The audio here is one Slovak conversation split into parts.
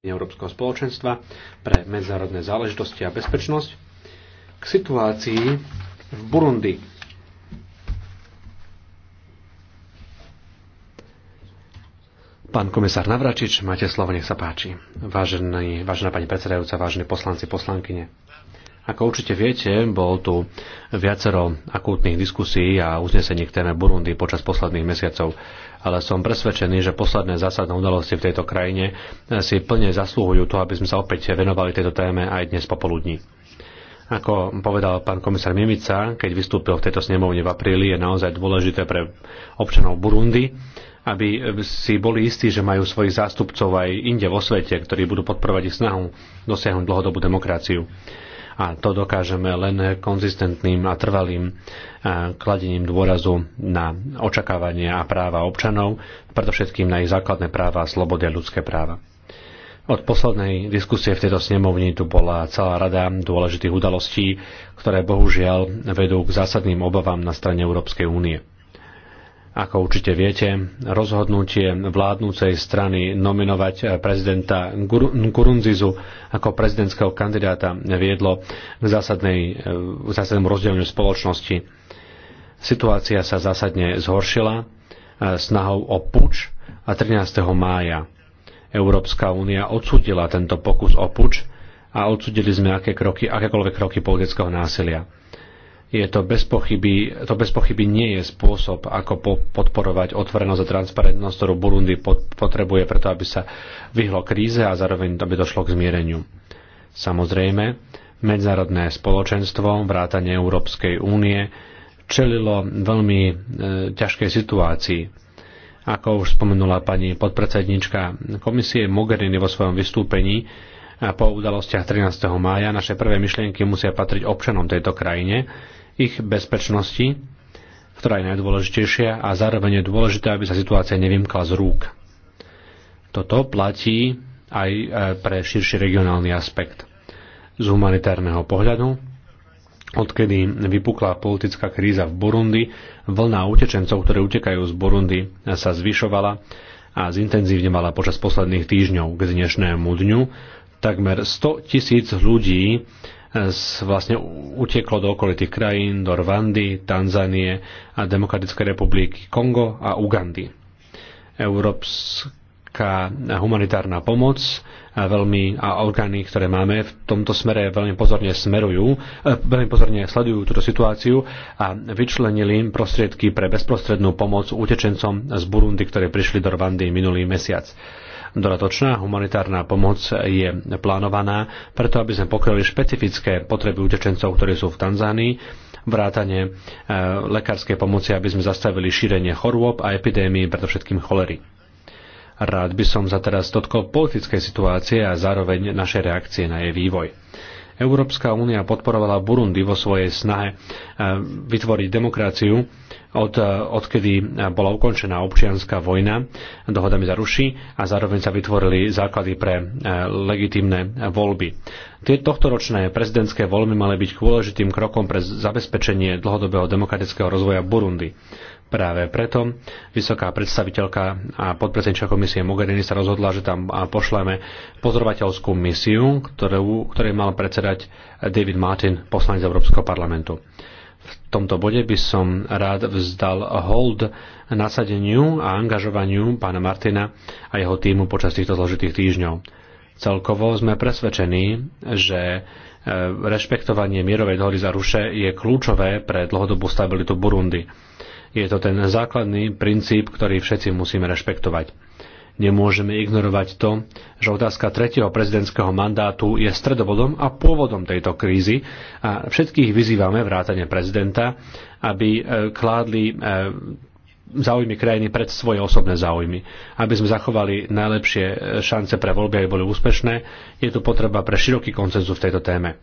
Európskeho spoločenstva pre medzinárodné záležitosti a bezpečnosť k situácii v Burundi. Pán komisár Navračič, máte slovo, nech sa páči. Vážený, vážená pani predsedajúca, vážení poslanci, poslankyne. Ako určite viete, bol tu viacero akútnych diskusí a uznesení k téme Burundi počas posledných mesiacov ale som presvedčený, že posledné zásadné udalosti v tejto krajine eh, si plne zaslúhujú to, aby sme sa opäť venovali tejto téme aj dnes popoludní. Ako povedal pán komisár Mimica, keď vystúpil v tejto snemovne v apríli, je naozaj dôležité pre občanov Burundi, aby si boli istí, že majú svojich zástupcov aj inde vo svete, ktorí budú podporovať ich snahu dosiahnuť dlhodobú demokraciu. A to dokážeme len konzistentným a trvalým e, kladením dôrazu na očakávania a práva občanov, predovšetkým na ich základné práva, a slobody a ľudské práva. Od poslednej diskusie v tejto snemovni tu bola celá rada dôležitých udalostí, ktoré bohužiaľ vedú k zásadným obavám na strane Európskej únie. Ako určite viete, rozhodnutie vládnúcej strany nominovať eh, prezidenta Nkurunzizu ako prezidentského kandidáta viedlo k, zásadnej, eh, k zásadnému rozdeleniu spoločnosti. Situácia sa zásadne zhoršila eh, snahou o puč a 13. mája. Európska únia odsudila tento pokus o puč a odsudili sme aké kroky, akékoľvek kroky politického násilia je to bez pochyby, to bez pochyby nie je spôsob, ako po, podporovať otvorenosť a transparentnosť, ktorú Burundi pod, potrebuje preto, aby sa vyhlo kríze a zároveň aby došlo k zmiereniu. Samozrejme, medzinárodné spoločenstvo, vrátanie Európskej únie, čelilo veľmi e, ťažkej situácii. Ako už spomenula pani podpredsednička komisie Mogherini vo svojom vystúpení, a po udalostiach 13. mája naše prvé myšlienky musia patriť občanom tejto krajine, ich bezpečnosti, ktorá je najdôležitejšia a zároveň je dôležité, aby sa situácia nevymkla z rúk. Toto platí aj e, pre širší regionálny aspekt. Z humanitárneho pohľadu, odkedy vypukla politická kríza v Burundi, vlna utečencov, ktoré utekajú z Burundi, sa zvyšovala a zintenzívňovala počas posledných týždňov k dnešnému dňu. Takmer 100 tisíc ľudí vlastne uteklo do okolitých krajín, do Rwandy, Tanzanie a Demokratickej republiky Kongo a Ugandy. Európska humanitárna pomoc veľmi, a orgány, ktoré máme v tomto smere veľmi pozorne smerujú, eh, veľmi pozorne sledujú túto situáciu a vyčlenili im prostriedky pre bezprostrednú pomoc utečencom z Burundi, ktorí prišli do Rwandy minulý mesiac. Dodatočná humanitárna pomoc je plánovaná preto, aby sme pokryli špecifické potreby utečencov, ktorí sú v Tanzánii, vrátane e, lekárskej pomoci, aby sme zastavili šírenie chorôb a epidémii, predovšetkým cholery. Rád by som za teraz dotkol politickej situácie a zároveň naše reakcie na jej vývoj. Európska únia podporovala Burundi vo svojej snahe eh, vytvoriť demokraciu, od, eh, odkedy bola ukončená občianská vojna, dohodami za ruši a zároveň sa vytvorili základy pre eh, legitimné voľby. Tie tohtoročné prezidentské voľby mali byť dôležitým krokom pre zabezpečenie dlhodobého demokratického rozvoja Burundi. Práve preto vysoká predstaviteľka a podpredsednička komisie Mogherini sa rozhodla, že tam pošleme pozorovateľskú misiu, ktorú, ktorej mal predsedať David Martin, poslanec Európskeho parlamentu. V tomto bode by som rád vzdal hold nasadeniu a angažovaniu pána Martina a jeho týmu počas týchto zložitých týždňov. Celkovo sme presvedčení, že e, rešpektovanie mierovej dohody za ruše je kľúčové pre dlhodobú stabilitu Burundi je to ten základný princíp, ktorý všetci musíme rešpektovať. Nemôžeme ignorovať to, že otázka tretieho prezidentského mandátu je stredobodom a pôvodom tejto krízy a všetkých vyzývame vrátane prezidenta, aby e, kládli e, záujmy krajiny pred svoje osobné záujmy. Aby sme zachovali najlepšie e, šance pre voľby, aby boli úspešné, je tu potreba pre široký koncenzus v tejto téme.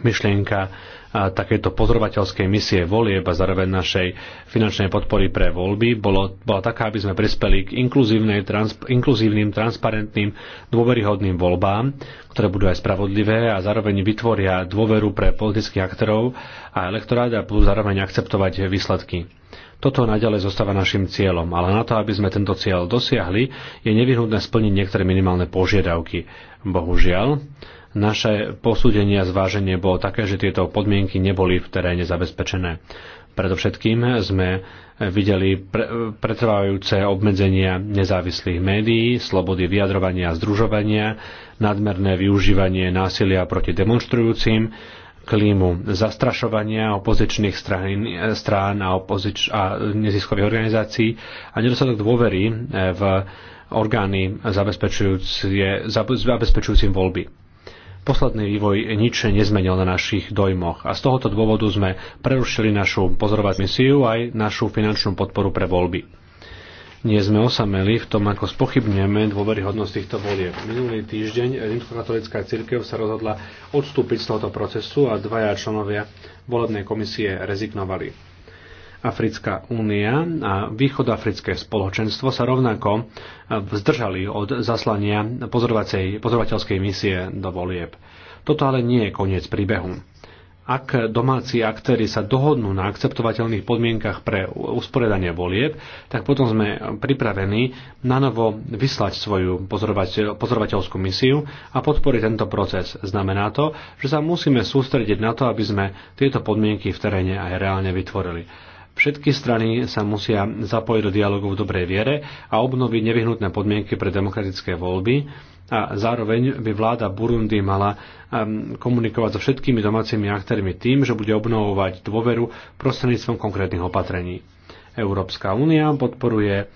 Myšlienka takéto pozorovateľskej misie volieb a zároveň našej finančnej podpory pre voľby bolo, bola taká, aby sme prispeli k trans, inkluzívnym, transparentným, dôveryhodným voľbám, ktoré budú aj spravodlivé a zároveň vytvoria dôveru pre politických aktorov a elektorát a budú zároveň akceptovať výsledky. Toto naďalej zostáva našim cieľom, ale na to, aby sme tento cieľ dosiahli, je nevyhnutné splniť niektoré minimálne požiadavky. Bohužiaľ, naše posúdenie a zváženie bolo také, že tieto podmienky neboli v teréne zabezpečené. Predovšetkým sme videli pre, pretrvávajúce obmedzenia nezávislých médií, slobody vyjadrovania a združovania, nadmerné využívanie násilia proti demonstrujúcim, klímu zastrašovania opozičných strán, strán a, opozič, a neziskových organizácií a nedostatok dôvery v orgány zabezpečujúcim voľby posledný vývoj nič nezmenil na našich dojmoch a z tohoto dôvodu sme prerušili našu pozorovať misiu aj našu finančnú podporu pre voľby nie sme osameli v tom, ako dôvery dôveryhodnosť týchto volieb. Minulý týždeň rímskokatolická církev sa rozhodla odstúpiť z tohoto procesu a dvaja členovia volebnej komisie rezignovali. Africká únia a východoafrické spoločenstvo sa rovnako vzdržali od zaslania pozorovateľskej misie do volieb. Toto ale nie je koniec príbehu. Ak domáci aktéry sa dohodnú na akceptovateľných podmienkach pre usporiadanie volieb, tak potom sme pripravení na novo vyslať svoju pozorovateľskú misiu a podporiť tento proces. Znamená to, že sa musíme sústrediť na to, aby sme tieto podmienky v teréne aj reálne vytvorili. Všetky strany sa musia zapojiť do dialogu v dobrej viere a obnoviť nevyhnutné podmienky pre demokratické voľby a zároveň by vláda Burundi mala um, komunikovať so všetkými domácimi aktérmi tým, že bude obnovovať dôveru prostredníctvom konkrétnych opatrení. Európska únia podporuje uh,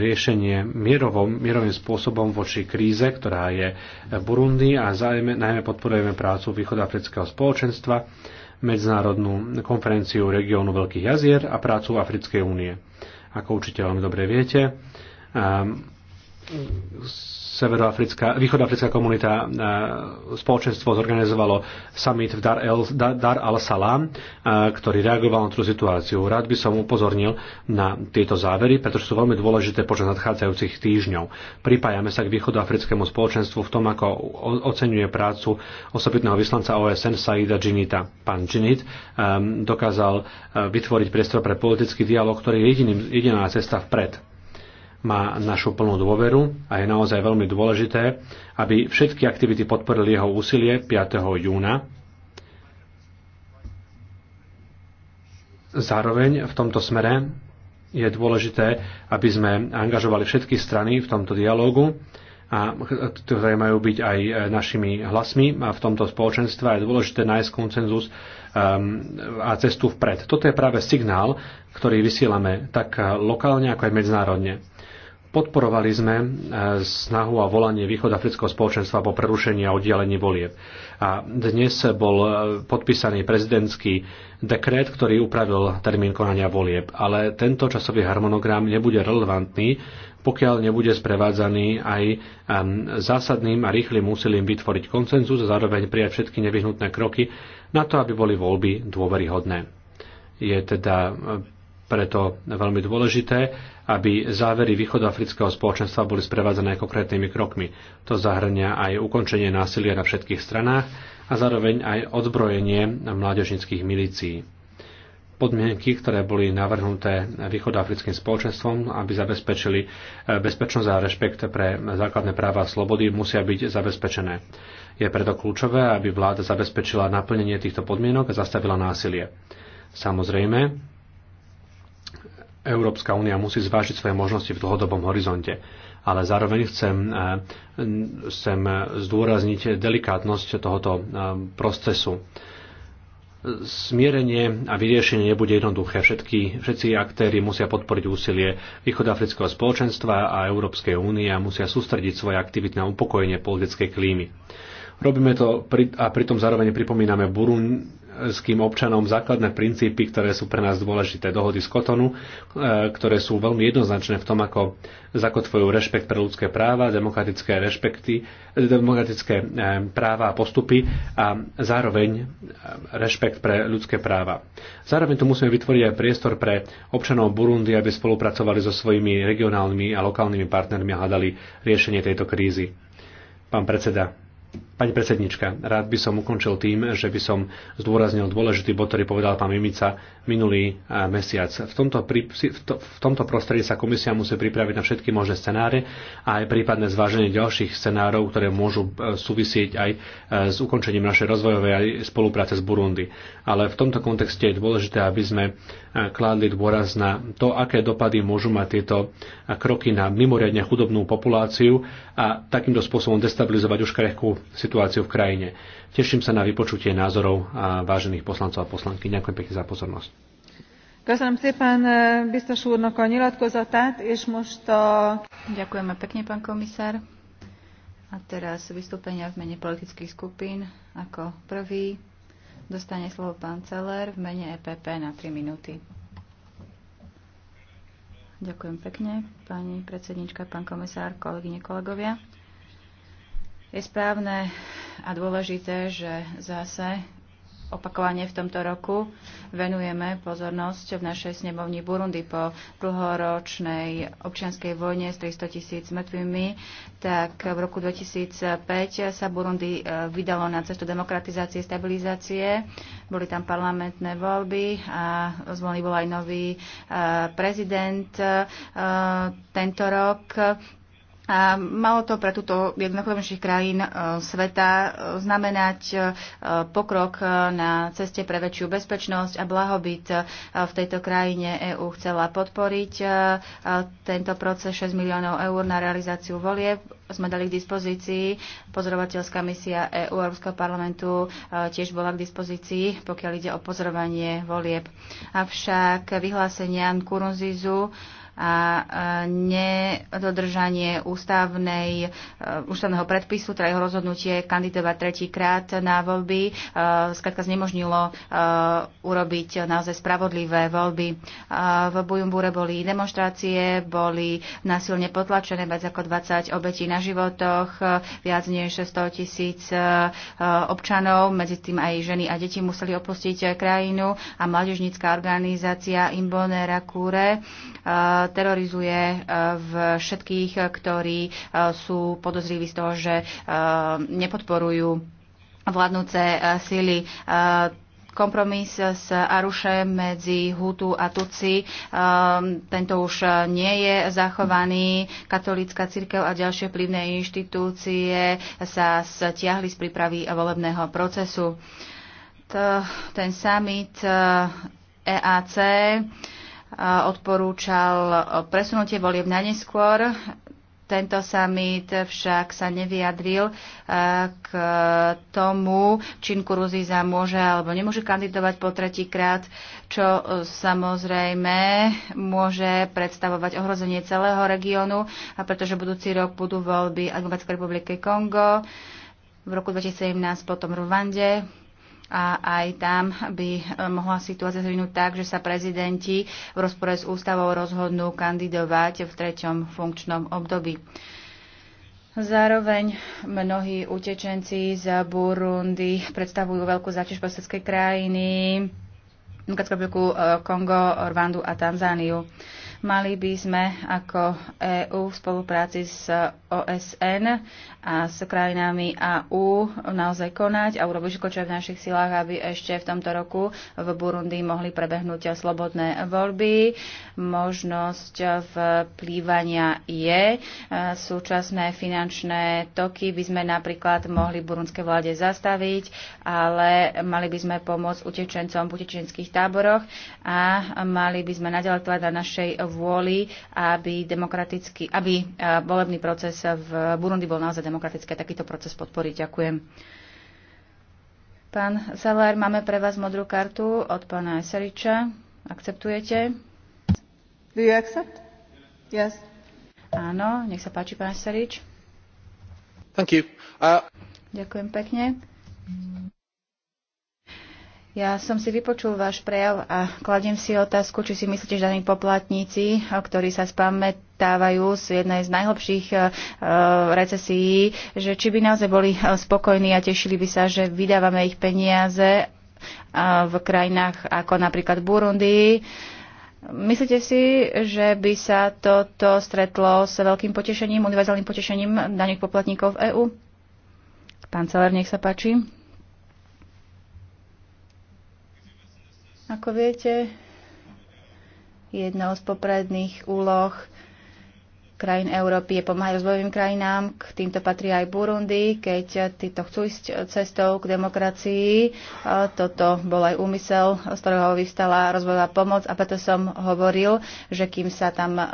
riešenie mierovom, mierovým spôsobom voči kríze, ktorá je v Burundi a zájme, najmä podporujeme prácu východafrického spoločenstva medzinárodnú konferenciu regiónu Veľkých jazier a prácu Africkej únie. Ako určite veľmi dobre viete, ehm, severoafrická, východoafrická komunita e, spoločenstvo zorganizovalo summit v Dar, el, Dar al-Salam, e, ktorý reagoval na tú situáciu. Rád by som upozornil na tieto závery, pretože sú veľmi dôležité počas nadchádzajúcich týždňov. Pripájame sa k východoafrickému spoločenstvu v tom, ako oceňuje prácu osobitného vyslanca OSN Saida Džinita. Pán Džinit e, dokázal vytvoriť priestor pre politický dialog, ktorý je jediný, jediná cesta vpred má našu plnú dôveru a je naozaj veľmi dôležité, aby všetky aktivity podporili jeho úsilie 5. júna. Zároveň v tomto smere je dôležité, aby sme angažovali všetky strany v tomto dialógu a ktoré majú byť aj našimi hlasmi a v tomto spoločenstve je dôležité nájsť koncenzus um, a cestu vpred. Toto je práve signál, ktorý vysielame tak lokálne, ako aj medzinárodne. Podporovali sme e, snahu a volanie východafrického spoločenstva po prerušení a oddialení volieb. A dnes bol e, podpísaný prezidentský dekret, ktorý upravil termín konania volieb. Ale tento časový harmonogram nebude relevantný, pokiaľ nebude sprevádzaný aj e, zásadným a rýchlým úsilím vytvoriť koncenzus a zároveň prijať všetky nevyhnutné kroky na to, aby boli voľby dôveryhodné. Je teda preto veľmi dôležité, aby závery východoafrického spoločenstva boli sprevádzané konkrétnymi krokmi. To zahrňa aj ukončenie násilia na všetkých stranách a zároveň aj odbrojenie mládežnických milícií. Podmienky, ktoré boli navrhnuté východoafrickým spoločenstvom, aby zabezpečili e, bezpečnosť a rešpekt pre základné práva a slobody, musia byť zabezpečené. Je preto kľúčové, aby vláda zabezpečila naplnenie týchto podmienok a zastavila násilie. Samozrejme, Európska únia musí zvážiť svoje možnosti v dlhodobom horizonte. Ale zároveň chcem, eh, chcem zdôrazniť delikátnosť tohoto eh, procesu smierenie a vyriešenie nebude jednoduché. Všetky, všetci aktéry musia podporiť úsilie východafrického spoločenstva a Európskej únie a musia sústrediť svoje aktivity na upokojenie politickej klímy. Robíme to a pritom zároveň pripomíname Burun, kým občanom základné princípy, ktoré sú pre nás dôležité. Dohody z Kotonu, e, ktoré sú veľmi jednoznačné v tom, ako zakotvujú rešpekt pre ľudské práva, demokratické, rešpekty, e, demokratické e, práva a postupy a zároveň rešpekt pre ľudské práva. Zároveň tu musíme vytvoriť aj priestor pre občanov Burundi, aby spolupracovali so svojimi regionálnymi a lokálnymi partnermi a hľadali riešenie tejto krízy. Pán predseda, Pani predsednička, rád by som ukončil tým, že by som zdôraznil dôležitý bod, ktorý povedal pán Mimica minulý e, mesiac. V tomto, pri, v, to, v tomto prostredí sa komisia musí pripraviť na všetky možné scenáre a aj prípadné zváženie ďalších scenárov, ktoré môžu e, súvisieť aj e, s ukončením našej rozvojovej spolupráce s Burundi. Ale v tomto kontexte je dôležité, aby sme kládli dôraz na to, aké dopady môžu mať tieto kroky na mimoriadne chudobnú populáciu a takýmto spôsobom destabilizovať už krehkú situáciu situáciu v krajine. Teším sa na vypočutie názorov a vážených poslancov a poslanky. Ďakujem pekne za pozornosť. Köszönöm szépen eh, biztos úrnak a nyilatkozatát, és most a... Ďakujeme pekne, pán komisár. A teraz vystúpenia v mene politických skupín. Ako prvý dostane slovo pán Celer v mene EPP na 3 minúty. Ďakujem pekne, pani predsednička, pán komisár, kolegyne, kolegovia. Je správne a dôležité, že zase opakovane v tomto roku venujeme pozornosť v našej snemovni Burundi po dlhoročnej občianskej vojne s 300 tisíc mŕtvými, tak v roku 2005 sa Burundi e, vydalo na cestu demokratizácie, a stabilizácie. Boli tam parlamentné voľby a zvolený bol aj nový e, prezident e, tento rok. A malo to pre túto jednu najchudobnejších krajín e, sveta e, znamenať e, pokrok na ceste pre väčšiu bezpečnosť a blahobyt v tejto krajine EÚ chcela podporiť. Tento proces 6 miliónov eur na realizáciu volieb sme dali k dispozícii. Pozorovateľská misia EÚ Európskeho parlamentu tiež bola k dispozícii, pokiaľ ide o pozorovanie volieb. Avšak vyhlásenia Kurunzizu a nedodržanie ústavnej, e, ústavného predpisu, teda jeho rozhodnutie kandidovať tretíkrát na voľby, e, skratka znemožnilo e, urobiť naozaj spravodlivé voľby. V Bujumbúre boli demonstrácie, boli násilne potlačené viac ako 20 obetí na životoch, viac než 100 tisíc občanov, medzi tým aj ženy a deti museli opustiť krajinu a mládežnícká organizácia Imbonera Rakure terorizuje eh, všetkých, eh, ktorí eh, sú podozriví z toho, že nepodporujú vládnúce síly kompromis s Arušem medzi Hutu a Tuci. Tento už nie je zachovaný. Katolícka církev a ďalšie vplyvné inštitúcie sa stiahli z prípravy volebného procesu. ten summit EAC e odporúčal presunutie volieb na neskôr. Tento summit však sa nevyjadril e, k tomu, či Kuruziza môže alebo nemôže kandidovať po tretíkrát, čo e, samozrejme môže predstavovať ohrozenie celého regiónu, a pretože budúci rok budú voľby Agnobatskej republiky Kongo, v roku 2017 potom Rwande, a aj tam by eh, mohla situácia zvinúť tak, že sa prezidenti v rozpore s ústavou rozhodnú kandidovať v treťom funkčnom období. Zároveň mnohí utečenci z Burundi predstavujú veľkú záťaž paseckej krajiny, eh, Kongo, Rwandu a Tanzániu. Mali by sme ako EÚ v spolupráci s OSN a s krajinami AÚ naozaj konať a urobiť všetko, čo je v našich silách, aby ešte v tomto roku v Burundi mohli prebehnúť slobodné voľby. Možnosť vplývania je. Súčasné finančné toky by sme napríklad mohli burundské vláde zastaviť, ale mali by sme pomôcť utečencom v utečenských táboroch a mali by sme naďalej na našej vôli, aby, demokratický, aby e, volebný proces v Burundi bol naozaj demokratický a takýto proces podporiť. Ďakujem. Pán Salár, máme pre vás modrú kartu od pána Eseriča. Akceptujete? Do you accept? Yes. Áno, nech sa páči, pán Eserič. Thank you. Uh... Ďakujem pekne. Ja som si vypočul váš prejav a kladiem si otázku, či si myslíte, že daní poplatníci, ktorí sa spamätávajú z jednej z najhlbších e, eh, recesií, že či by naozaj boli eh, spokojní a tešili by sa, že vydávame ich peniaze eh, v krajinách ako napríklad Burundi. Myslíte si, že by sa toto stretlo s veľkým potešením, univerzálnym potešením daných poplatníkov v EÚ? Pán Celer, nech sa páči. Ako viete, jedna z popredných úloh krajín Európy je pomáhať rozvojovým krajinám. K týmto patrí aj Burundi, keď títo chcú ísť cestou k demokracii. E, toto bol aj úmysel, z ktorého vyvstala rozvojová pomoc a preto som hovoril, že kým sa tam um,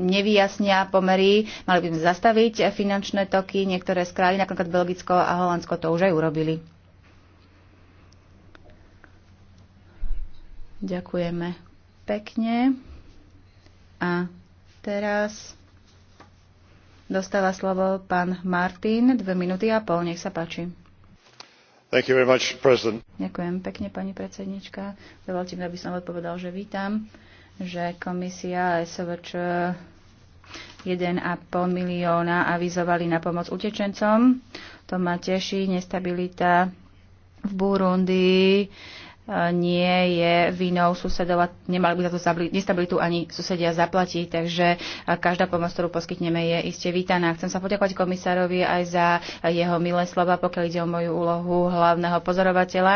nevyjasnia pomery, mali by sme zastaviť finančné toky. Niektoré z krajín, napríklad Belgicko a Holandsko, to už aj urobili. Ďakujeme pekne. A teraz dostáva slovo pán Martin, dve minúty a pol, nech sa páči. Thank you very much, President. Ďakujem pekne, pani predsednička. Dovolte mi, aby som odpovedal, že vítam, že komisia SVČ 1,5 milióna avizovali na pomoc utečencom. To ma teší, nestabilita v Burundi nie je vinou susedov a nemali by za tú nestabilitu ani susedia zaplatiť. Takže každá pomoc, ktorú poskytneme, je iste vítaná. Chcem sa poďakovať komisárovi aj za jeho milé slova, pokiaľ ide o moju úlohu hlavného pozorovateľa.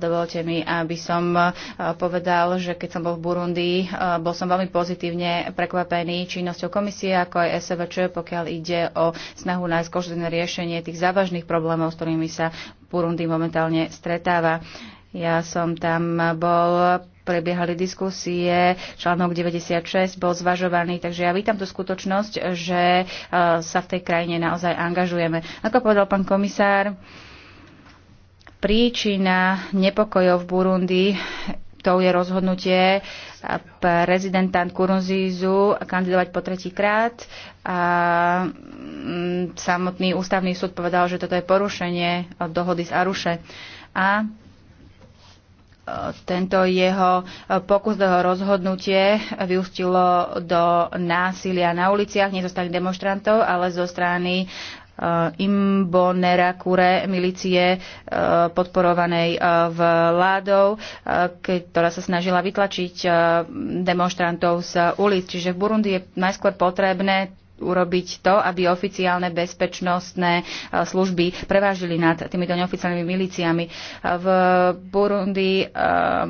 Dovolte mi, aby som e, povedal, že keď som bol v Burundi, e, bol som veľmi pozitívne prekvapený činnosťou komisie, ako aj SVČ, pokiaľ ide o snahu nájsť koždené riešenie tých závažných problémov, s ktorými sa Burundi momentálne stretáva. Ja som tam bol, prebiehali diskusie, článok 96 bol zvažovaný, takže ja vítam tú skutočnosť, že e, sa v tej krajine naozaj angažujeme. Ako povedal pán komisár, príčina nepokojov v Burundi to je rozhodnutie prezidenta Kurunzizu kandidovať po tretí krát A mm, samotný ústavný súd povedal, že toto je porušenie dohody z Aruše. A tento jeho pokus do jeho rozhodnutie vyústilo do násilia na uliciach, nie zo strany demonstrantov, ale zo strany e, Imbonera Kure milície e, podporovanej e, vládou, ktorá sa snažila vytlačiť demonstrantov z ulic. Čiže v Burundi je najskôr potrebné urobiť to, aby oficiálne bezpečnostné e, služby prevážili nad týmito neoficiálnymi miliciami. E, v Burundi e,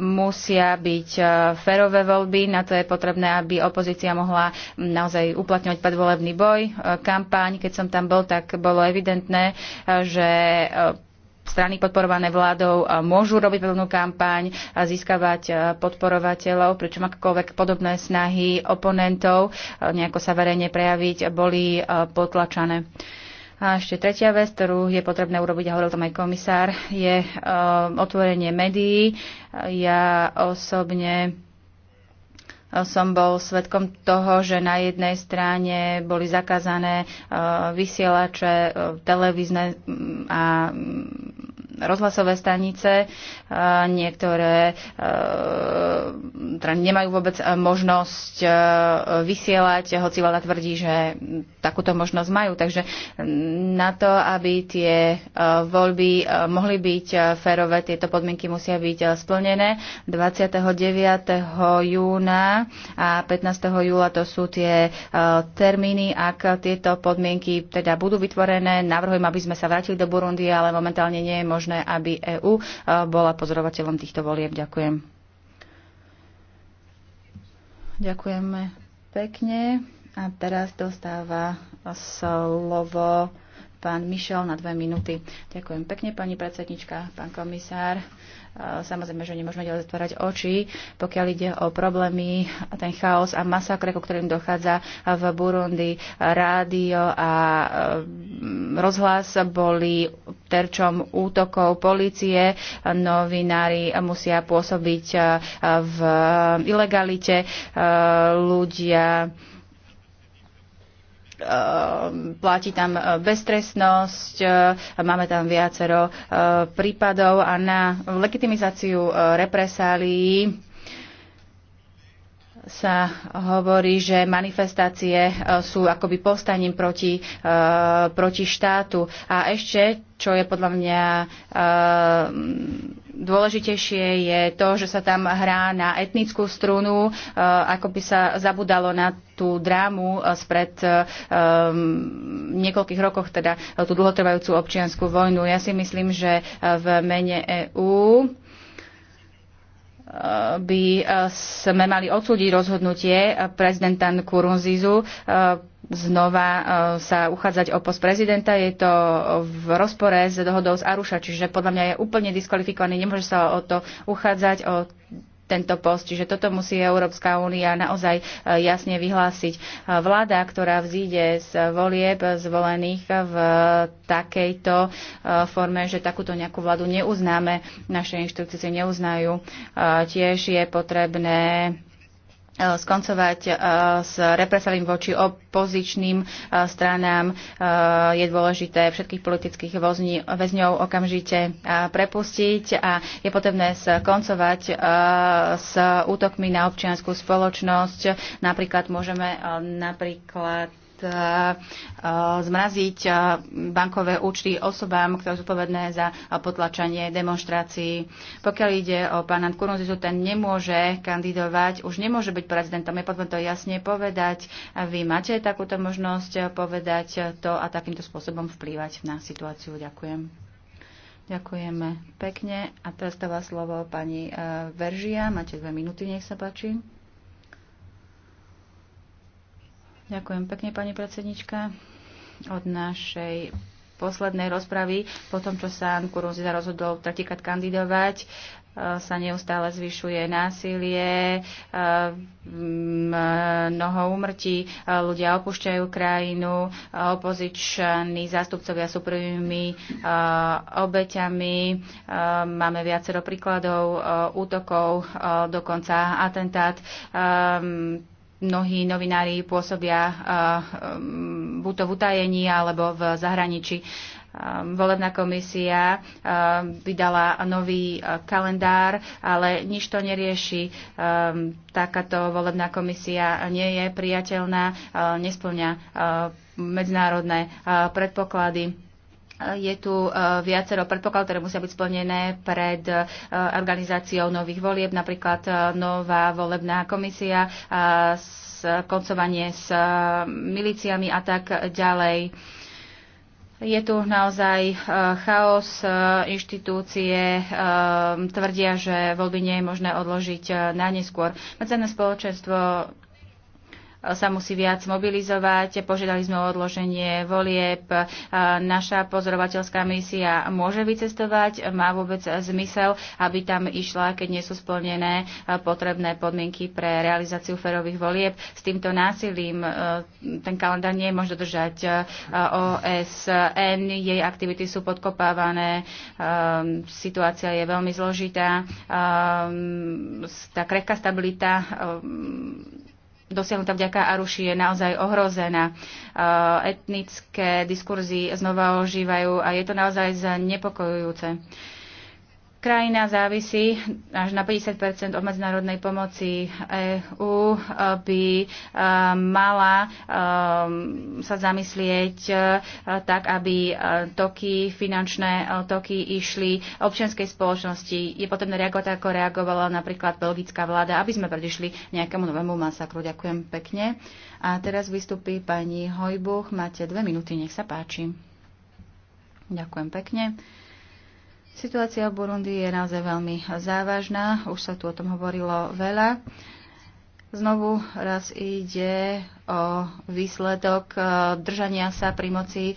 musia byť férové voľby, na to je potrebné, aby opozícia mohla naozaj uplatňovať predvolebný boj, kampaň. Keď som tam bol, tak bolo evidentné, že strany podporované vládou môžu robiť veľnú kampaň a získavať podporovateľov, pričom akokoľvek podobné snahy oponentov nejako sa verejne prejaviť boli potlačané. A ešte tretia vec, ktorú je potrebné urobiť, a hovoril tam aj komisár, je otvorenie médií. Ja osobne som bol svetkom toho, že na jednej strane boli zakázané e, vysielače, e, televízne a rozhlasové stanice, niektoré e, teda nemajú vôbec e, možnosť e, vysielať, hoci vláda tvrdí, že takúto možnosť majú. Takže na to, aby tie voľby mohli byť férové, tieto podmienky musia byť splnené. 29. júna a 15. júla to sú tie termíny, ak tieto podmienky teda budú vytvorené. Navrhujem, aby sme sa vrátili do Burundi, ale momentálne nie je možné možné, aby EÚ eh, bola pozorovateľom týchto volieb. Ďakujem. Ďakujeme pekne. A teraz dostáva slovo pán Mišel na dve minúty. Ďakujem pekne, pani predsednička, pán komisár. E, samozrejme, že nemôžeme ďalej zatvárať oči, pokiaľ ide o problémy, ten chaos a masakre, ku ktorým dochádza v Burundi. Rádio a e, rozhlas boli terčom útokov policie. Novinári musia pôsobiť e, v ilegalite. Ľudia Ehm, platí tam e, beztrestnosť, e, máme tam viacero e, prípadov a na legitimizáciu represálií sa hovorí, že manifestácie e, sú akoby povstaním proti, e, proti štátu. A ešte, čo je podľa mňa e, dôležitejšie, je to, že sa tam hrá na etnickú strunu, ako by sa zabudalo na tú drámu spred um, niekoľkých rokov, teda tú dlhotrvajúcu občianskú vojnu. Ja si myslím, že v mene EÚ by e, sme mali odsúdiť rozhodnutie prezidenta Kurunzizu e, znova e, sa uchádzať o post prezidenta. Je to v rozpore s dohodou z Aruša, čiže podľa mňa je úplne diskvalifikovaný, nemôže sa o to uchádzať, o tento post. Čiže toto musí Európska únia naozaj e, jasne vyhlásiť. E, vláda, ktorá vzíde z volieb zvolených v takejto e, forme, že takúto nejakú vládu neuznáme, naše inštitúcie neuznajú, tiež je potrebné Eh, skoncovať eh, s represalím voči opozičným eh, stranám. Je dôležité všetkých politických väzňov okamžite prepustiť a je potrebné skoncovať s útokmi na občianskú spoločnosť. Napríklad môžeme napríklad E, e, zmraziť e, bankové účty osobám, ktoré sú povedné za potlačanie demonstrácií. Pokiaľ ide o pána Kurunzisu, ten nemôže kandidovať, už nemôže byť prezidentom. Je potrebné to jasne povedať. Vy máte takúto možnosť povedať to a takýmto spôsobom vplývať na situáciu. Ďakujem. Ďakujeme pekne. A teraz dáva slovo pani Veržia. Máte dve minúty, nech sa páči. Ďakujem pekne, pani predsednička. Od našej poslednej rozpravy, po tom, čo sa Nkurunziza rozhodol tretíkrát kandidovať, e, sa neustále zvyšuje násilie, e, e, mnoho umrtí, ľudia opúšťajú krajinu, opoziční zástupcovia sú prvými obeťami. Máme viacero príkladov útokov, dokonca atentát mnohí novinári pôsobia e, e, buď to v utajení alebo v zahraničí. E, volebná komisia vydala nový kalendár, ale nič to nerieši. Takáto volebná komisia nie je priateľná, nesplňa medzinárodné predpoklady je tu e, viacero predpoklad, ktoré musia byť splnené pred e, organizáciou nových volieb, napríklad e, nová volebná komisia, koncovanie s milíciami a tak ďalej. Je tu naozaj chaos. Inštitúcie tvrdia, že voľby nie je možné odložiť na neskôr. Medzené spoločenstvo sa musí viac mobilizovať. Požiadali sme o odloženie volieb. Naša pozorovateľská misia môže vycestovať. Má vôbec zmysel, aby tam išla, keď nie sú splnené e, potrebné podmienky pre realizáciu ferových volieb. S týmto násilím e, ten kalendár nie je možno držať. E, OSN, jej aktivity sú podkopávané. Situácia je veľmi zložitá. Tá krehká stabilita dosiahnutá vďaka Aruši je naozaj ohrozená. E, etnické diskurzy znova ožívajú a je to naozaj znepokojujúce. Krajina závisí až na 50 od medzinárodnej pomoci EÚ e, by e, mala e, sa zamyslieť tak, aby toky, finančné toky išli občianskej spoločnosti. Je potrebné reagovať, ako reagovala napríklad belgická vláda, aby sme predišli nejakému novému masakru. Ďakujem pekne. A teraz vystupí pani Hojbuch. Máte dve minúty, nech sa páči. Ďakujem pekne. Situácia v Burundi je naozaj veľmi závažná, už sa tu o tom hovorilo veľa. Znovu raz ide o výsledok e, držania sa pri moci e,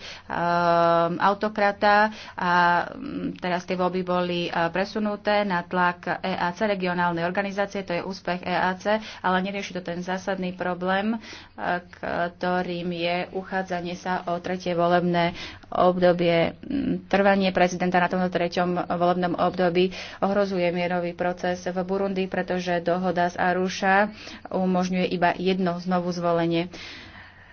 autokrata a mm, teraz tie voľby boli e, presunuté na tlak EAC, regionálnej organizácie, to je úspech EAC, ale nerieši to ten zásadný problém, ktorým je uchádzanie sa o tretie volebné obdobie. Mm, trvanie prezidenta na tomto treťom volebnom období ohrozuje mierový proces v Burundi, pretože dohoda z Arusha umožňuje iba jedno znovu zvolenie krajine.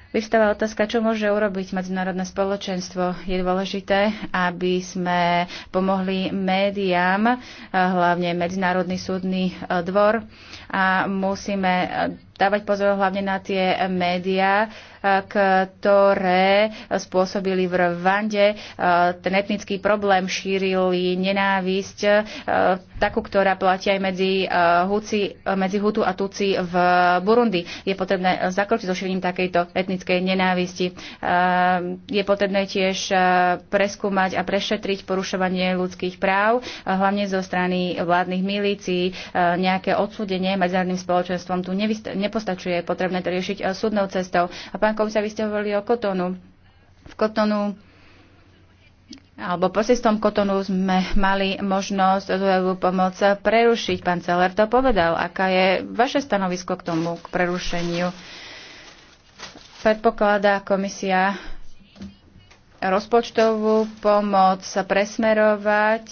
Vystáva otázka, čo môže urobiť medzinárodné spoločenstvo. Je dôležité, aby sme pomohli médiám, hlavne Medzinárodný súdny dvor, a musíme dávať pozor hlavne na tie médiá, ktoré spôsobili v Rwande ten etnický problém, šírili nenávisť, takú, ktorá platí aj medzi, Huci, medzi Hutu a Tuci v Burundi. Je potrebné zakročiť so šírením takejto etnickej nenávisti. Je potrebné tiež preskúmať a prešetriť porušovanie ľudských práv, hlavne zo strany vládnych milícií, nejaké odsúdenie medzinárodným spoločenstvom tu nepostačuje, je potrebné to riešiť eh, súdnou cestou. A pán komisár, vy ste hovorili o Kotonu. V Kotonu alebo posestom Kotonu sme mali možnosť rozvojovú pomoc prerušiť. Pán Celer to povedal. Aká je vaše stanovisko k tomu, k prerušeniu? Predpokladá komisia rozpočtovú pomoc presmerovať,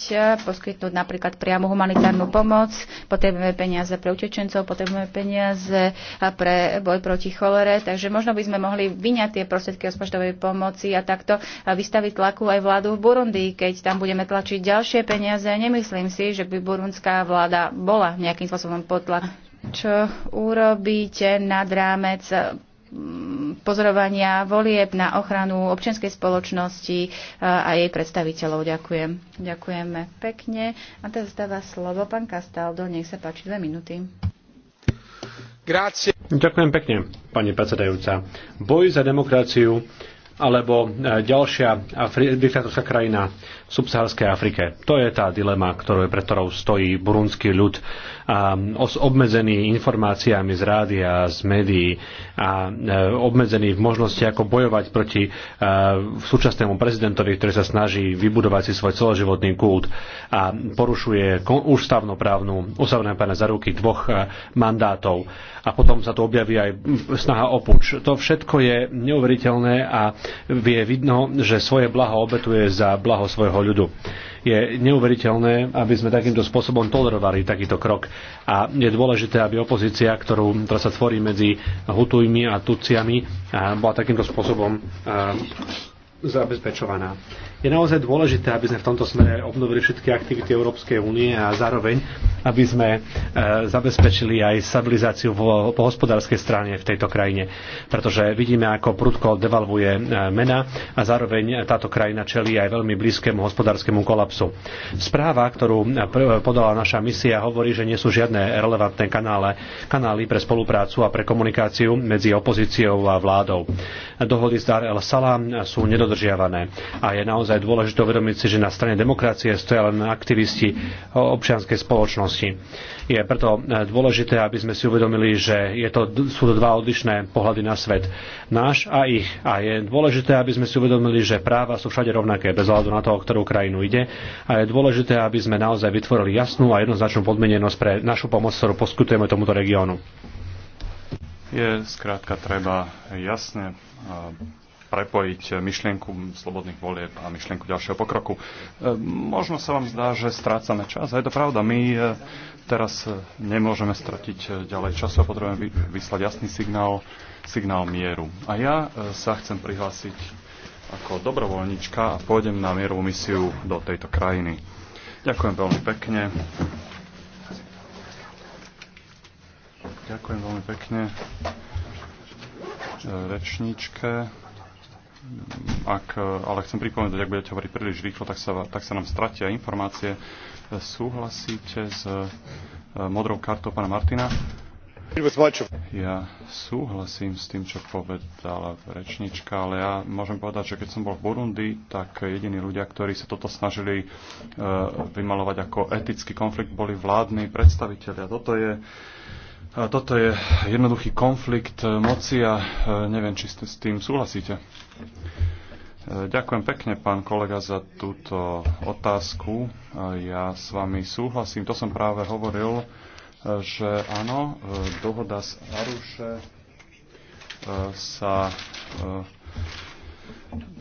poskytnúť napríklad priamu humanitárnu pomoc, potrebujeme peniaze pre utečencov, potrebujeme peniaze pre boj proti cholere, takže možno by sme mohli vyňať tie prostriedky rozpočtovej pomoci a takto vystaviť tlaku aj vládu v Burundi, keď tam budeme tlačiť ďalšie peniaze. Nemyslím si, že by burundská vláda bola nejakým spôsobom pod tlakom čo urobíte nad rámec Mm, pozorovania volieb na ochranu občianskej spoločnosti e, a jej predstaviteľov. Ďakujem. Ďakujeme pekne. A teraz dáva slovo pán Kastaldo. Nech sa páči dve minúty. Grácie. Ďakujem pekne, pani predsedajúca. Boj za demokraciu alebo e, ďalšia diktatorská krajina v subsaharskej Afrike. To je tá dilema, ktorú, pre ktorou stojí burundský ľud a, os, obmedzený informáciami z rádia, z médií a e, obmedzený v možnosti, ako bojovať proti e, súčasnému prezidentovi, ktorý sa snaží vybudovať si svoj celoživotný kult a porušuje ústavnoprávnu, za ruky dvoch e, mandátov. A potom sa tu objaví aj snaha o puč. To všetko je neuveriteľné a je vidno, že svoje blaho obetuje za blaho svojho ľudu. Je neuveriteľné, aby sme takýmto spôsobom tolerovali takýto krok. A je dôležité, aby opozícia, ktorú, ktorá sa tvorí medzi Hutujmi a Tuciami, bola takýmto spôsobom zabezpečovaná. Je naozaj dôležité, aby sme v tomto smere obnovili všetky aktivity Európskej únie a zároveň, aby sme e, zabezpečili aj stabilizáciu vo, po hospodárskej strane v tejto krajine. Pretože vidíme, ako prudko devalvuje e, mena a zároveň táto krajina čelí aj veľmi blízkemu hospodárskemu kolapsu. Správa, ktorú e, e, podala naša misia, hovorí, že nie sú žiadne relevantné kanále, kanály pre spoluprácu a pre komunikáciu medzi opozíciou a vládou. Dohody z Dar el Salam sú nedodržateľné dodržiavané. A je naozaj dôležité uvedomiť si, že na strane demokracie stoja len aktivisti občianskej spoločnosti. Je preto e, dôležité, aby sme si uvedomili, že je to, sú to dva odlišné pohľady na svet. Náš a ich. A je dôležité, aby sme si uvedomili, že práva sú všade rovnaké, bez hľadu na to, o ktorú krajinu ide. A je dôležité, aby sme naozaj vytvorili jasnú a jednoznačnú podmienenosť pre našu pomoc, ktorú poskytujeme tomuto regiónu. Je skrátka treba jasne prepojiť myšlienku slobodných volieb a myšlienku ďalšieho pokroku. E, možno sa vám zdá, že strácame čas a je to pravda. My e, teraz e, nemôžeme stratiť ďalej času a potrebujeme vyslať jasný signál, signál mieru. A ja sa chcem prihlásiť ako dobrovoľnička a pôjdem na mierovú misiu do tejto krajiny. Ďakujem veľmi pekne. Ďakujem veľmi pekne rečníčke ak, ale chcem pripomenúť, ak budete hovoriť príliš rýchlo, tak sa, tak sa nám stratia informácie. Súhlasíte s e, modrou kartou pána Martina? Ja súhlasím s tým, čo povedala rečnička, ale ja môžem povedať, že keď som bol v Burundi, tak jediní ľudia, ktorí sa toto snažili e, vymalovať ako etický konflikt, boli vládni predstavitelia. Toto je e, toto je jednoduchý konflikt moci a neviem, či ste s tým súhlasíte. Ďakujem pekne, pán kolega, za túto otázku. Ja s vami súhlasím, to som práve hovoril, že áno, dohoda z Aruše e, sa e,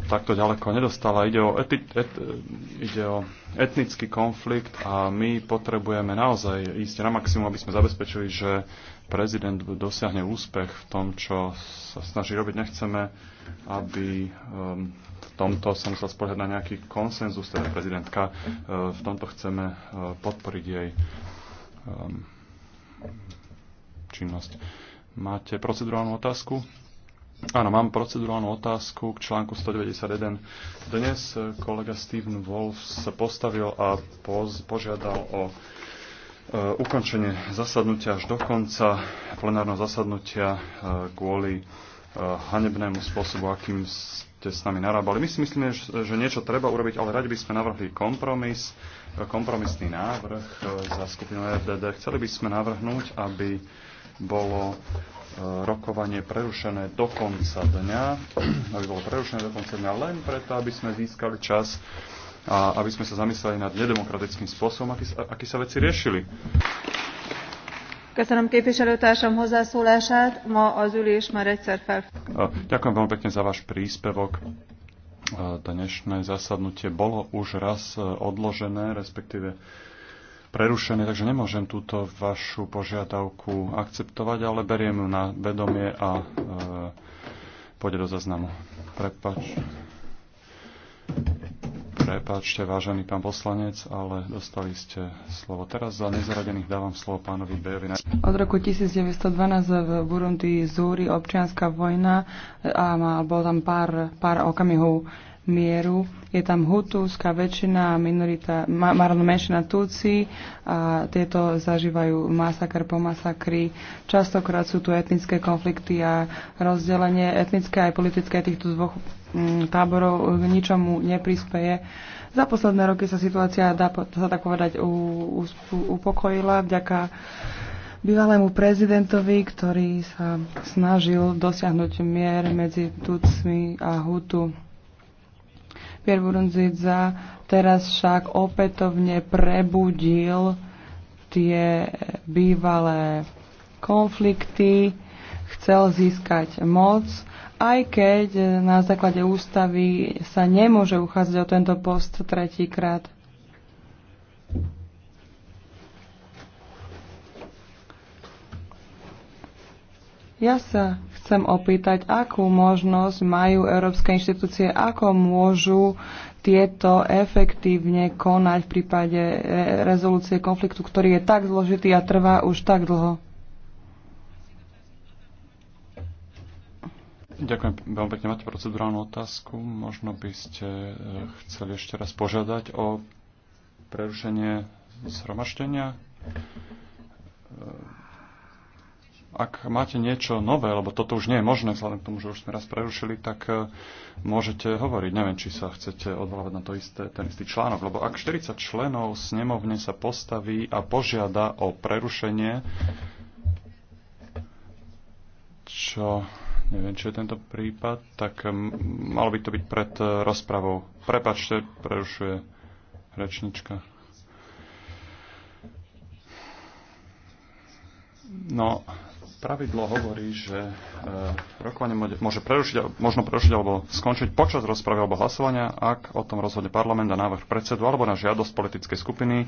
takto ďaleko nedostala. Ide o, eti, et, ide o etnický konflikt a my potrebujeme naozaj ísť na maximum, aby sme zabezpečili, že prezident dosiahne úspech v tom, čo sa snaží robiť. Nechceme, aby um, v tomto sa musel spoliehať na nejaký konsenzus, teda prezidentka. Uh, v tomto chceme uh, podporiť jej um, činnosť. Máte procedurálnu otázku? Áno, mám procedurálnu otázku k článku 191. Dnes kolega Steven Wolf sa postavil a poz, požiadal o e, ukončenie zasadnutia až do konca plenárneho zasadnutia e, kvôli e, hanebnému spôsobu, akým ste s nami narábali. My si myslíme, že niečo treba urobiť, ale radi by sme navrhli kompromis, e, kompromisný návrh e, za skupinu RDD. Chceli by sme navrhnúť, aby bolo rokovanie prerušené do konca dňa, aby bolo prerušené do konca dňa len preto, aby sme získali čas a aby sme sa zamysleli nad nedemokratickým spôsobom, aký, aký sa veci riešili. Köszönöm képviselőtársam hozzászólását. Ma az ülés már egyszer fel. Ďakujem veľmi pekne za váš príspevok. Dnešné zasadnutie bolo už raz e, odložené, respektíve prerušené, takže nemôžem túto vašu požiadavku akceptovať, ale beriem ju na vedomie a e, pôjde do zaznamu. Prepač. Prepačte, vážený pán poslanec, ale dostali ste slovo. Teraz za nezaradených dávam slovo pánovi Bejovi. Od roku 1912 v Burundi zúri občianská vojna a bol tam pár, pár okamihov mieru. Je tam hutúska väčšina a minorita, ma, menšina Tuci a tieto zažívajú masakr po masakri. Častokrát sú tu etnické konflikty a rozdelenie etnické aj politické týchto dvoch mm, táborov k ničomu neprispeje. Za posledné roky sa situácia, dá sa tak povedať, upokojila vďaka bývalému prezidentovi, ktorý sa snažil dosiahnuť mier medzi Tucmi a Hutu. Pierre Burundzidza teraz však opätovne prebudil tie bývalé konflikty, chcel získať moc, aj keď na základe ústavy sa nemôže uchádzať o tento post tretíkrát. Ja sa chcem opýtať, akú možnosť majú európske inštitúcie, ako môžu tieto efektívne konať v prípade e, rezolúcie konfliktu, ktorý je tak zložitý a trvá už tak dlho. Ďakujem veľmi pekne. Máte procedurálnu otázku. Možno by ste e, chceli ešte raz požiadať o prerušenie zhromaždenia. E, ak máte niečo nové, lebo toto už nie je možné, vzhľadom k tomu, že už sme raz prerušili, tak e, môžete hovoriť. Neviem, či sa chcete odvolávať na to isté, ten istý článok, lebo ak 40 členov snemovne sa postaví a požiada o prerušenie, čo neviem, čo je tento prípad, tak malo by to byť pred e, rozpravou. Prepačte, prerušuje rečnička. No, Pravidlo hovorí, že e, rokovanie môže prerušiť, možno prerušiť alebo skončiť počas rozpravy alebo hlasovania, ak o tom rozhodne parlament a návrh predsedu alebo na žiadosť politickej skupiny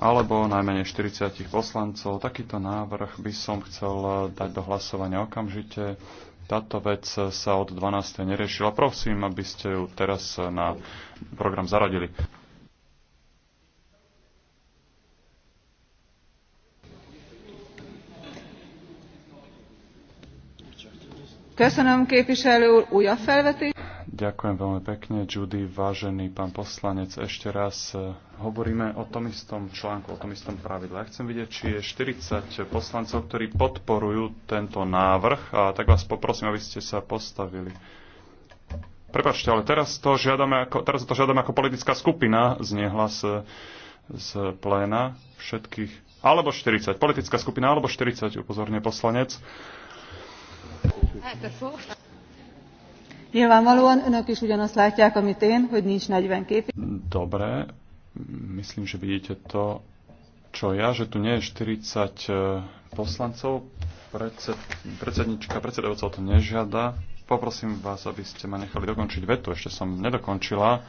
alebo najmenej 40 poslancov. Takýto návrh by som chcel dať do hlasovania okamžite. Táto vec sa od 12. neriešila. Prosím, aby ste ju teraz na program zaradili. Ďakujem veľmi pekne, Judy, vážený pán poslanec. Ešte raz eh, hovoríme o tom istom článku, o tom istom pravidle. Ja chcem vidieť, či je 40 poslancov, ktorí podporujú tento návrh. A tak vás poprosím, aby ste sa postavili. Prepačte, ale teraz to žiadame ako, teraz to žiadame ako politická skupina, znie z, eh, z pléna všetkých. Alebo 40. Politická skupina, alebo 40, upozorne poslanec. Nyilvánvalóan önök is ugyanazt látják, amit én, hogy nincs 40 kép. Dobre, myslím, že vidíte to, čo ja, že tu nie je 40 e, poslancov. Predsed, predsednička, predsedovca o to nežiada. Poprosím vás, aby ste ma nechali dokončiť vetu. Ešte som nedokončila.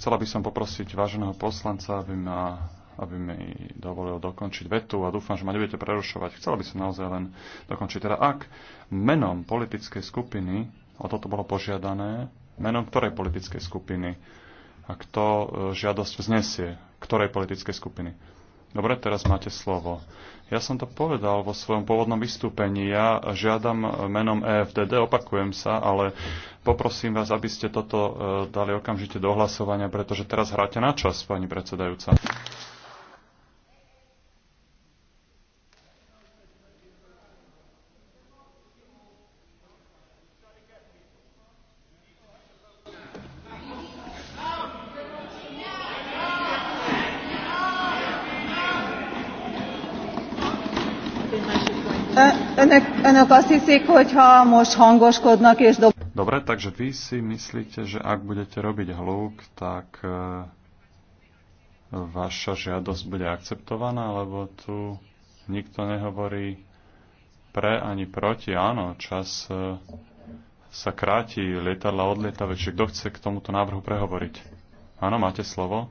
Chcela by som poprosiť váženého poslanca, aby ma aby mi dovolil dokončiť vetu a dúfam, že ma nebudete prerušovať. Chcela by som naozaj len dokončiť. Teda ak menom politickej skupiny, o toto bolo požiadané, menom ktorej politickej skupiny a kto e, žiadosť vznesie, ktorej politickej skupiny. Dobre, teraz máte slovo. Ja som to povedal vo svojom pôvodnom vystúpení. Ja žiadam e, menom EFDD, opakujem sa, ale poprosím vás, aby ste toto e, dali okamžite do hlasovania, pretože teraz hráte na čas, pani predsedajúca. Önök azt hiszik, hogy ha most hangoskodnak és dob... Dobre, takže vy si myslíte, že ak budete robiť hlúk, tak e, vaša žiadosť bude akceptovaná, lebo tu nikto nehovorí pre ani proti. Áno, čas e, sa kráti, lietadla odlieta, čiže kto chce k tomuto návrhu prehovoriť? Áno, máte slovo.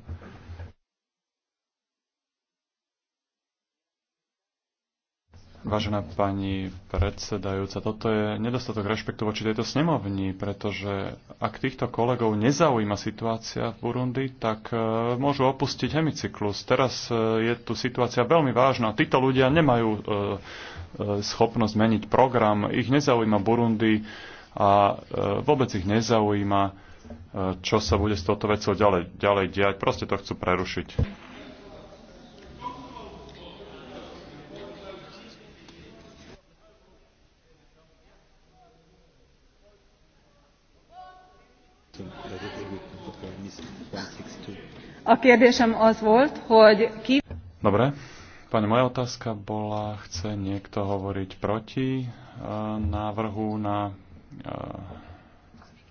Vážená pani predsedajúca, toto je nedostatok rešpektu voči tejto snemovni, pretože ak týchto kolegov nezaujíma situácia v Burundi, tak e, môžu opustiť hemicyklus. Teraz e, je tu situácia veľmi vážna. Títo ľudia nemajú e, schopnosť meniť program, ich nezaujíma Burundi a vôbec ich nezaujíma, čo sa bude s touto vecou ďalej, ďalej diať. Proste to chcú prerušiť. A kérdésem az volt, hogy ki... Dobre. Pane, moja otázka bola, chce niekto hovoriť proti uh, návrhu na uh,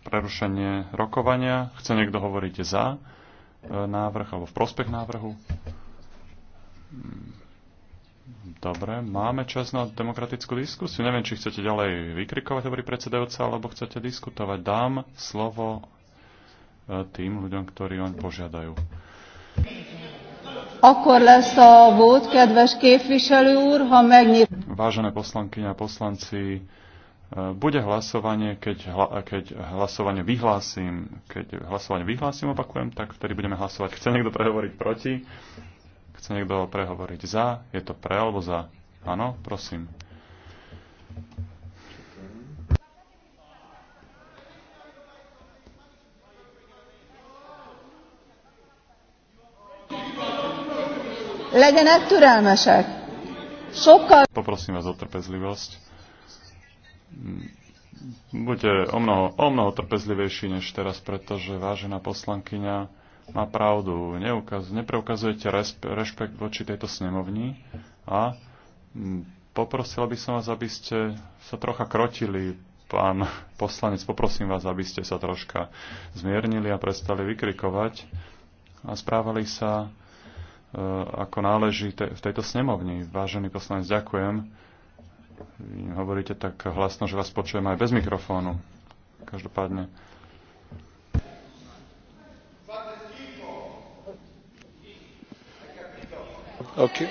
prerušenie rokovania? Chce niekto hovoriť za uh, návrh alebo v prospech návrhu? Mm, dobre, máme čas na demokratickú diskusiu. Neviem, či chcete ďalej vykrikovať, dobrý predsedajúca, alebo chcete diskutovať. Dám slovo tým ľuďom, ktorí oň požiadajú. Akkor lesz a vót, kedves képviselő úr, ha megnyit... Vážené poslankyne a poslanci, e, bude hlasovanie, keď, hla, e, keď hlasovanie vyhlásim, keď hlasovanie vyhlásim, opakujem, tak vtedy budeme hlasovať. Chce niekto prehovoriť proti? Chce niekto prehovoriť za? Je to pre alebo za? Áno, prosím. legyenek türelmesek. Sokkal... Poprosím vás o trpezlivosť. Buďte o mnoho, o mnoho trpezlivejší než teraz, pretože vážená poslankyňa má pravdu. Neukaz, nepreukazujete resp, rešpekt voči tejto snemovni a poprosila by som vás, aby ste sa trocha krotili, pán poslanec, poprosím vás, aby ste sa troška zmiernili a prestali vykrikovať a správali sa E, ako náleží te, v tejto snemovni. Vážený poslanec, ďakujem. Vy hovoríte tak hlasno, že vás počujem aj bez mikrofónu. Každopádne. Okay.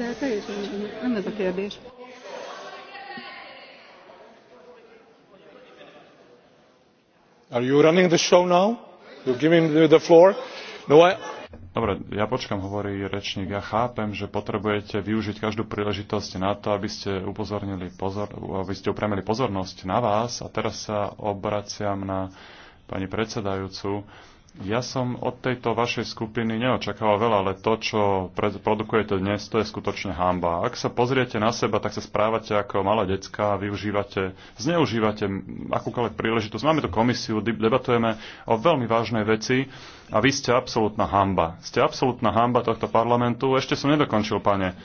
De ez teljesen annak a kérdés. Are you running the show now? the floor? No, I... Dobre, ja počkam, hovorí rečník. Ja chápem, že potrebujete využiť každú príležitosť na to, aby ste upozornili pozor, aby ste upremili pozornosť na vás. A teraz sa obraciam na pani predsedajúcu. Ja som od tejto vašej skupiny neočakával veľa, ale to, čo produkujete dnes, to je skutočne hamba. Ak sa pozriete na seba, tak sa správate ako malé decka, využívate, zneužívate akúkoľvek príležitosť. Máme tu komisiu, debatujeme o veľmi vážnej veci a vy ste absolútna hamba. Ste absolútna hamba tohto parlamentu. Ešte som nedokončil, pane.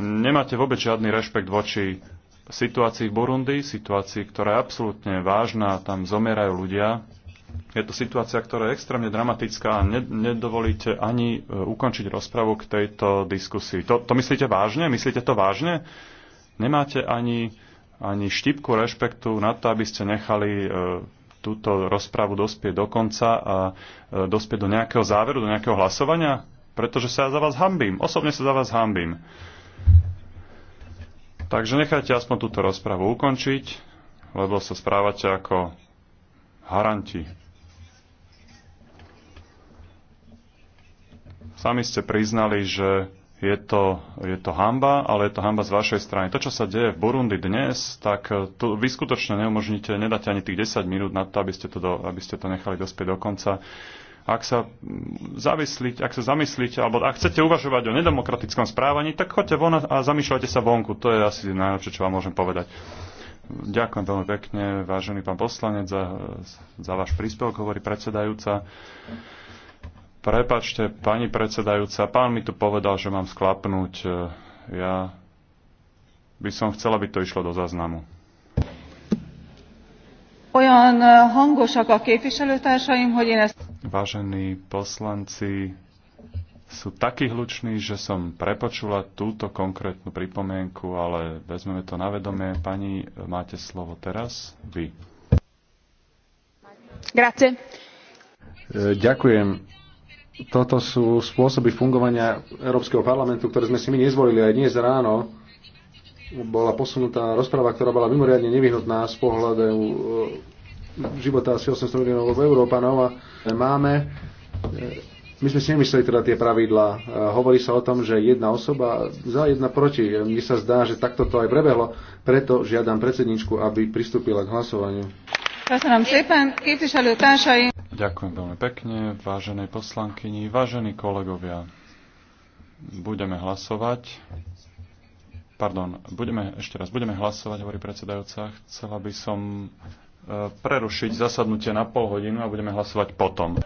Nemáte vôbec žiadny rešpekt voči situácii v Burundi, situácii, ktorá je absolútne vážna, tam zomierajú ľudia, je to situácia, ktorá je extrémne dramatická a nedovolíte ani e, ukončiť rozpravu k tejto diskusii. To, to myslíte vážne? Myslíte to vážne? Nemáte ani, ani štipku rešpektu na to, aby ste nechali e, túto rozpravu dospieť do konca a e, dospieť do nejakého záveru, do nejakého hlasovania? Pretože sa ja za vás hambím. Osobne sa za vás hambím. Takže nechajte aspoň túto rozpravu ukončiť, lebo sa správate ako haranti. Sami ste priznali, že je to, je to hamba, ale je to hamba z vašej strany. To, čo sa deje v Burundi dnes, tak eh, tu vy skutočne neumožníte, nedáte ani tých 10 minút na to, aby ste to, do, aby ste to nechali dospieť do konca. Ak sa, mm, zavisliť, ak sa zamyslíte, alebo ak chcete uvažovať o nedemokratickom správaní, tak choďte von a zamýšľajte sa vonku. To je asi najlepšie, čo vám môžem povedať. Ďakujem veľmi pekne, vážený pán poslanec, za, za váš príspevok, hovorí predsedajúca. Prepačte, pani predsedajúca, pán mi tu povedal, že mám sklapnúť. Ja by som chcela, aby to išlo do záznamu. Olyan eh, hangosak a képviselőtársaim, hogy én ezt... Vážení poslanci, sú takí hluční, že som prepočula túto konkrétnu pripomienku, ale vezmeme to na vedomie. Pani, máte slovo teraz vy. Grazie. E, ďakujem. Toto sú spôsoby fungovania Európskeho parlamentu, ktoré sme si my nezvolili aj dnes ráno. Bola posunutá rozpráva, ktorá bola mimoriadne nevyhnutná z pohľadu e, života asi 800 miliónov Európanov a máme e, my sme si nemysleli teda tie pravidlá. E, hovorí sa o tom, že jedna osoba za jedna proti. E, Mi sa zdá, že takto to aj prebehlo. Preto žiadam predsedničku, aby pristúpila k hlasovaniu. Ďakujem veľmi pekne, vážené poslankyni, vážení kolegovia. Budeme hlasovať. Pardon, budeme, ešte raz, budeme hlasovať, hovorí predsedajúca. Chcela by som e, prerušiť zasadnutie na pol hodinu a budeme hlasovať potom.